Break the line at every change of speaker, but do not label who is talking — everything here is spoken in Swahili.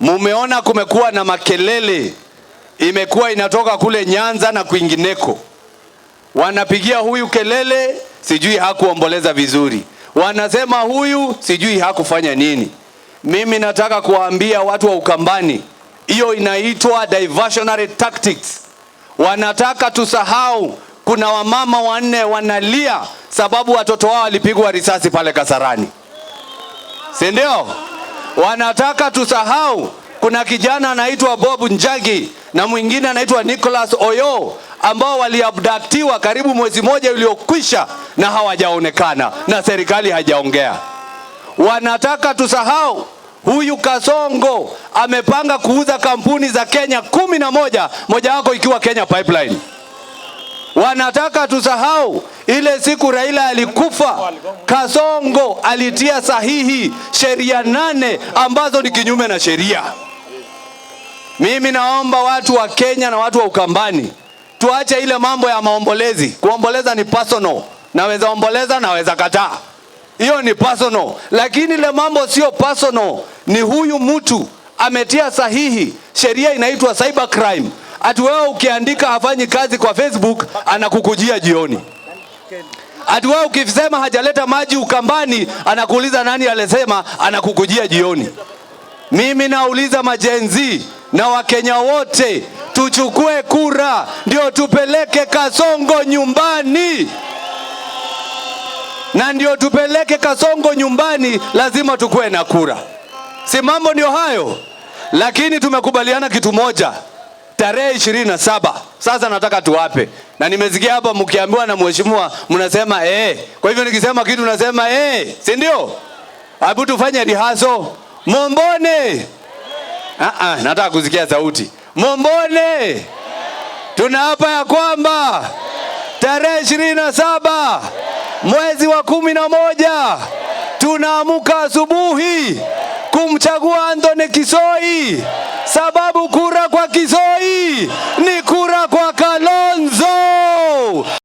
Mumeona kumekuwa na makelele, imekuwa inatoka kule Nyanza na kwingineko, wanapigia huyu kelele, sijui hakuomboleza vizuri, wanasema huyu sijui hakufanya nini. Mimi nataka kuwaambia watu wa Ukambani, hiyo inaitwa diversionary tactics. Wanataka tusahau kuna wamama wanne wanalia sababu watoto wao walipigwa risasi pale Kasarani, si ndio? Wanataka tusahau kuna kijana anaitwa Bob Njagi na mwingine anaitwa Nicholas Oyo ambao waliabdaktiwa karibu mwezi moja uliokwisha na hawajaonekana na serikali hajaongea. Wanataka tusahau huyu Kasongo amepanga kuuza kampuni za Kenya kumi na moja, mojawapo ikiwa Kenya Pipeline. Wanataka tusahau ile siku Raila alikufa, Kasongo alitia sahihi sheria nane ambazo ni kinyume na sheria. Mimi naomba watu wa Kenya na watu wa Ukambani tuache ile mambo ya maombolezi. Kuomboleza ni personal, naweza omboleza, naweza kataa, hiyo ni personal. Lakini ile mambo sio personal, ni huyu mtu ametia sahihi sheria inaitwa cyber crime. Ati wewe ukiandika hafanyi kazi kwa Facebook anakukujia jioni. Ati wewe ukisema hajaleta maji Ukambani anakuuliza nani alisema, anakukujia jioni. Mimi nauliza majenzi na Wakenya wote tuchukue kura ndio tupeleke Kasongo nyumbani, na ndio tupeleke Kasongo nyumbani lazima tukuwe na kura. Si mambo ndio hayo, lakini tumekubaliana kitu moja tarehe ishirini na saba. Sasa nataka tuwape, na nimesikia hapa mkiambiwa na mheshimiwa mnasema eh. Kwa hivyo nikisema kitu nasema eh, si ndio? Hebu tufanye rihaso Mombone. Ah ah, nataka kusikia sauti Mombone. Tunaapa ya kwamba tarehe ishirini na saba mwezi wa kumi na moja tunaamka asubuhi kumchagua Anthony Kisoi, sababu kura kwa Kisoi কি